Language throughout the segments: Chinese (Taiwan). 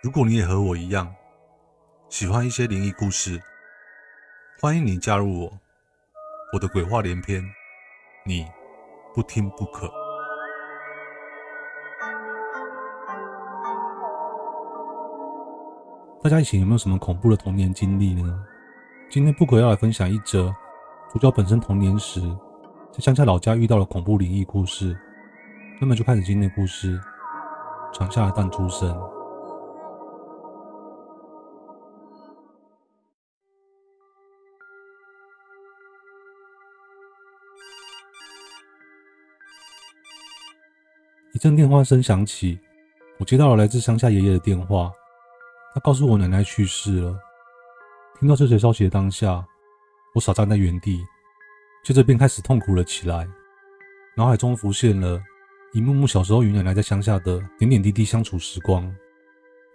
如果你也和我一樣喜歡一些靈異故事，歡迎你加入我。我的鬼話連篇，你不聽不可。大家以前有沒有什麼恐怖的童年經歷呢？今天不可要來分享一則主角本身童年時在鄉下老家遇到了恐怖靈異故事。那麼就開始今天的故事：床下的彈珠聲。一陣電話聲響起，我接到了來自鄉下爺爺的電話。他告訴我奶奶去世了。聽到這些消息的當下，我傻站在原地，接着便開始痛哭了起來。腦海中浮現了一幕幕小時候與奶奶在鄉下的點點滴滴相處時光。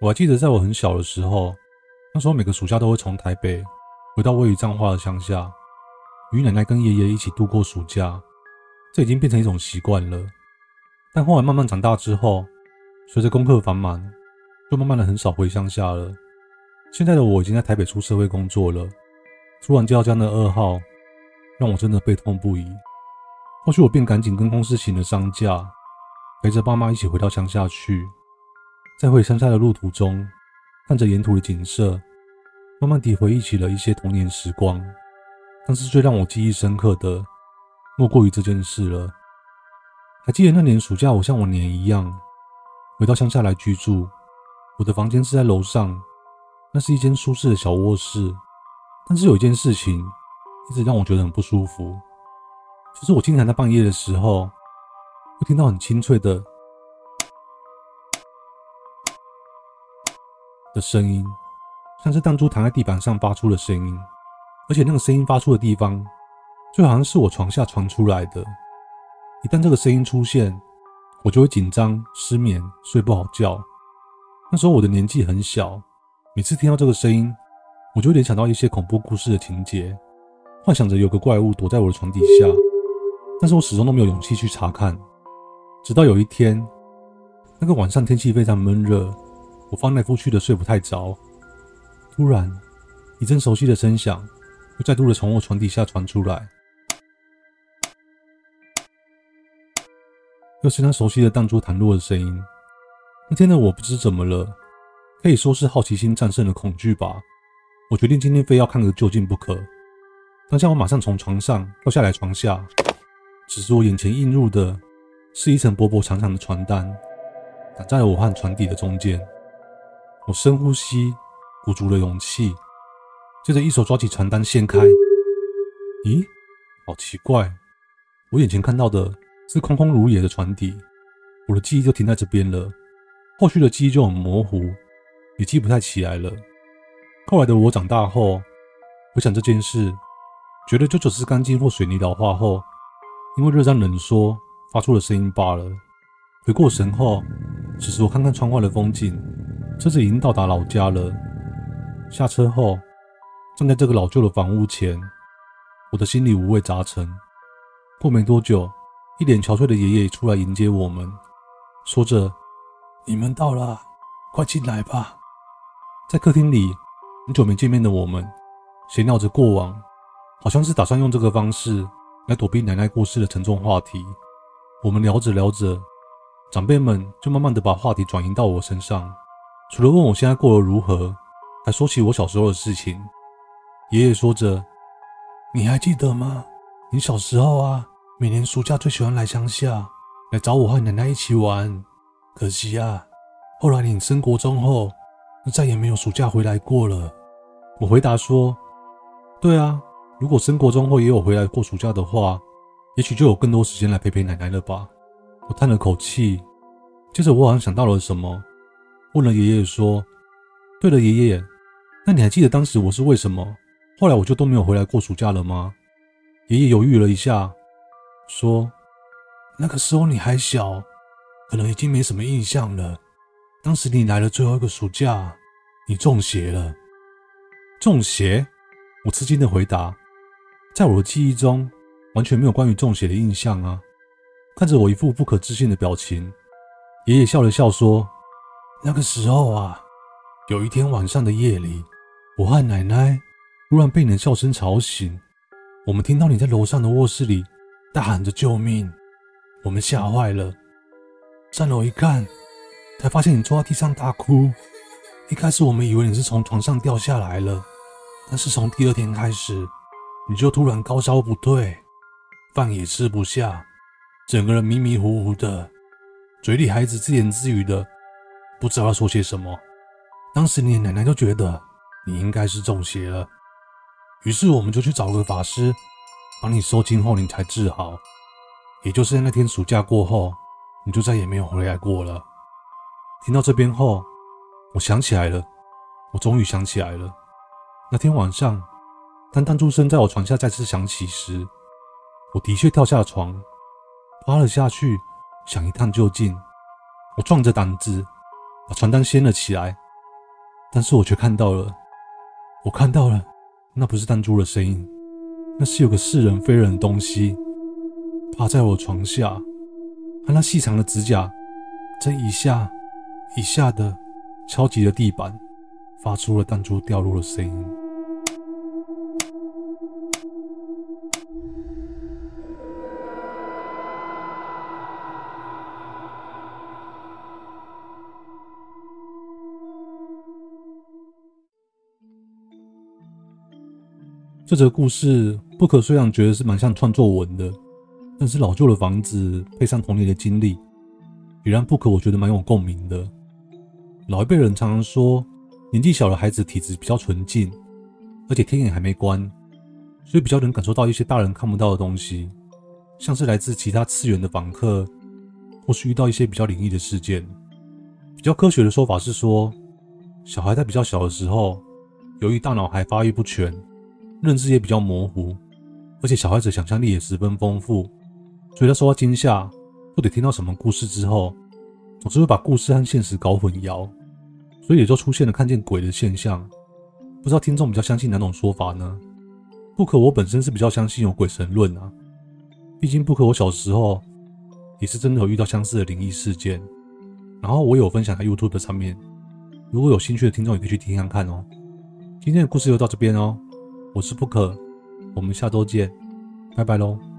我還記得在我很小的時候，那時候每個暑假都會從台北回到位於彰化的鄉下，與奶奶跟爺爺一起度過暑假。這已經變成一種習慣了。但後來慢慢長大之後，隨着功課繁忙，就慢慢的很少回鄉下了。現在的我已經在台北出社會工作了。突然接到這樣的噩耗，讓我真的悲痛不已。後續我便趕緊跟公司請了喪假，陪着爸媽一起回到鄉下去。在回鄉下的路途中，看着沿途的景色，慢慢地回憶起了一些童年時光。但是最讓我記憶深刻的，莫過於這件事了。還記得那年暑假，我像往年一樣回到鄉下來居住。我的房間是在樓上，那是一間舒適的小臥室。但是有一件事情一直讓我覺得很不舒服，就是我經常在半夜的時候會聽到很清脆的的聲音，像是彈珠躺在地板上發出的聲音。而且那個聲音發出的地方，就好像是我床下傳出來的。一旦這個聲音出現，我就會緊張、失眠、睡不好覺。那時候我的年紀很小，每次聽到這個聲音，我就會聯想到一些恐怖故事的情節，幻想着有個怪物躲在我的床底下，但是我始終都沒有勇氣去查看。直到有一天，那個晚上天氣非常悶熱，我翻來覆去的睡不太着，突然一陣熟悉的聲響又再度的從我床底下傳出來。又是那熟悉的、彈珠彈落的聲音。那天的我不知怎麼了，可以說是好奇心戰勝了恐懼吧。我決定今天非要看個究竟不可。當下我馬上從床上跳下來，床下，只是我眼前映入的是一層薄薄長長的床單，擋在了我和床底的中間。我深呼吸，鼓足了勇氣，接着一手抓起床單掀開。咦，好奇怪，我眼前看到的。是空空如也的床底，我的記憶就停在這邊了，後續的記憶就很模糊，也記不太起來了。後來的我長大後，回想這件事，覺得就只是鋼筋或水泥老化後，因為熱脹冷縮發出了聲音罷了。回過神後，此時我看看窗外的風景，車子已經到達老家了。下車後，站在這個老舊的房屋前，我的心裡五味雜陳。過沒多久。一臉憔悴的爺爺出來迎接我們，說着：“你們到了，快進來吧。”在客廳裡，很久沒見面的我們，閒聊着過往，好像是打算用這個方式來躲避奶奶過世的沉重話題。我們聊着聊着，長輩們就慢慢地把話題轉移到我身上，除了問我現在過得如何，還說起我小時候的事情。爺爺說着：“你還記得嗎？你小時候啊。”每年暑假最喜歡來鄉下來找我和奶奶一起玩，可惜啊，後來你升國中後就再也沒有暑假回來過了。我回答說：“對啊，如果升國中後也有回來過暑假的話，也許就有更多時間來陪陪奶奶了吧。”我嘆了口氣，接着我好像想到了什麼，問了爺爺說：“對了，爺爺，那你還記得當時我是為什麼後來我就都沒有回來過暑假了嗎？”爺爺猶豫了一下。說，那個時候你還小，可能已經沒什麼印象了。當時你來了最後一個暑假，你中邪了。中邪？我吃驚地回答。在我的記憶中，完全沒有關於中邪的印象啊。看着我一副不可置信的表情，爺爺笑了笑說：“那個時候啊，有一天晚上的夜裡，我和奶奶突然被你的笑聲吵醒，我們聽到你在樓上的臥室裡。”大喊着救命！我們嚇壞了，上樓一看，才發現你坐在地上大哭。一開始我們以為你是從床上掉下來了，但是從第二天開始，你就突然高燒不退，飯也吃不下，整個人迷迷糊糊的，嘴裡還一直自言自語的，不知道要說些什麼。當時你的奶奶就覺得你應該是中邪了，於是我們就去找個法師。把你收驚後，你才治好。也就是那天暑假過後，你就再也沒有回來過了。聽到這邊後，我想起來了，我終於想起來了。那天晚上，當彈珠聲在我床下再次響起時，我的確跳下床，趴了下去，想一探究竟。我壯着膽子把床單掀了起來，但是我卻看到了，我看到了，那不是彈珠的聲音。那是有個似人非人的東西趴在我床下，他那細長的指甲正一下一下的敲擊着地板，發出了彈珠掉落的聲音。這則故事，Book 雖然覺得是蠻像創作文的，但是老舊的房子，配上童年的經歷，也讓 Book 我覺得蠻有共鳴的。老一輩人常常說，年紀小的孩子體質比較純淨，而且天眼還沒關，所以比較能感受到一些大人看不到的東西，像是來自其他次元的訪客，或是遇到一些比較靈異的事件。比較科學的說法是說，小孩在比較小的時候，由於大腦還發育不全。認知也比較模糊，而且小孩子想象力也十分豐富，所以他受到驚嚇或者聽到什麼故事之後，總是會把故事和現實搞混淆，所以也就出現了看見鬼的現象。不知道聽眾比較相信哪種說法呢？Book 我本身是比較相信有鬼神論啊，畢竟 Book 我小時候也是真的有遇到相似的靈異事件，然後我也有分享在 YouTube 上面，如果有興趣的聽眾也可以去聽聽看哦、喔。今天的故事就到這邊哦、喔。我是 Book，我們下周見，拜拜嘍。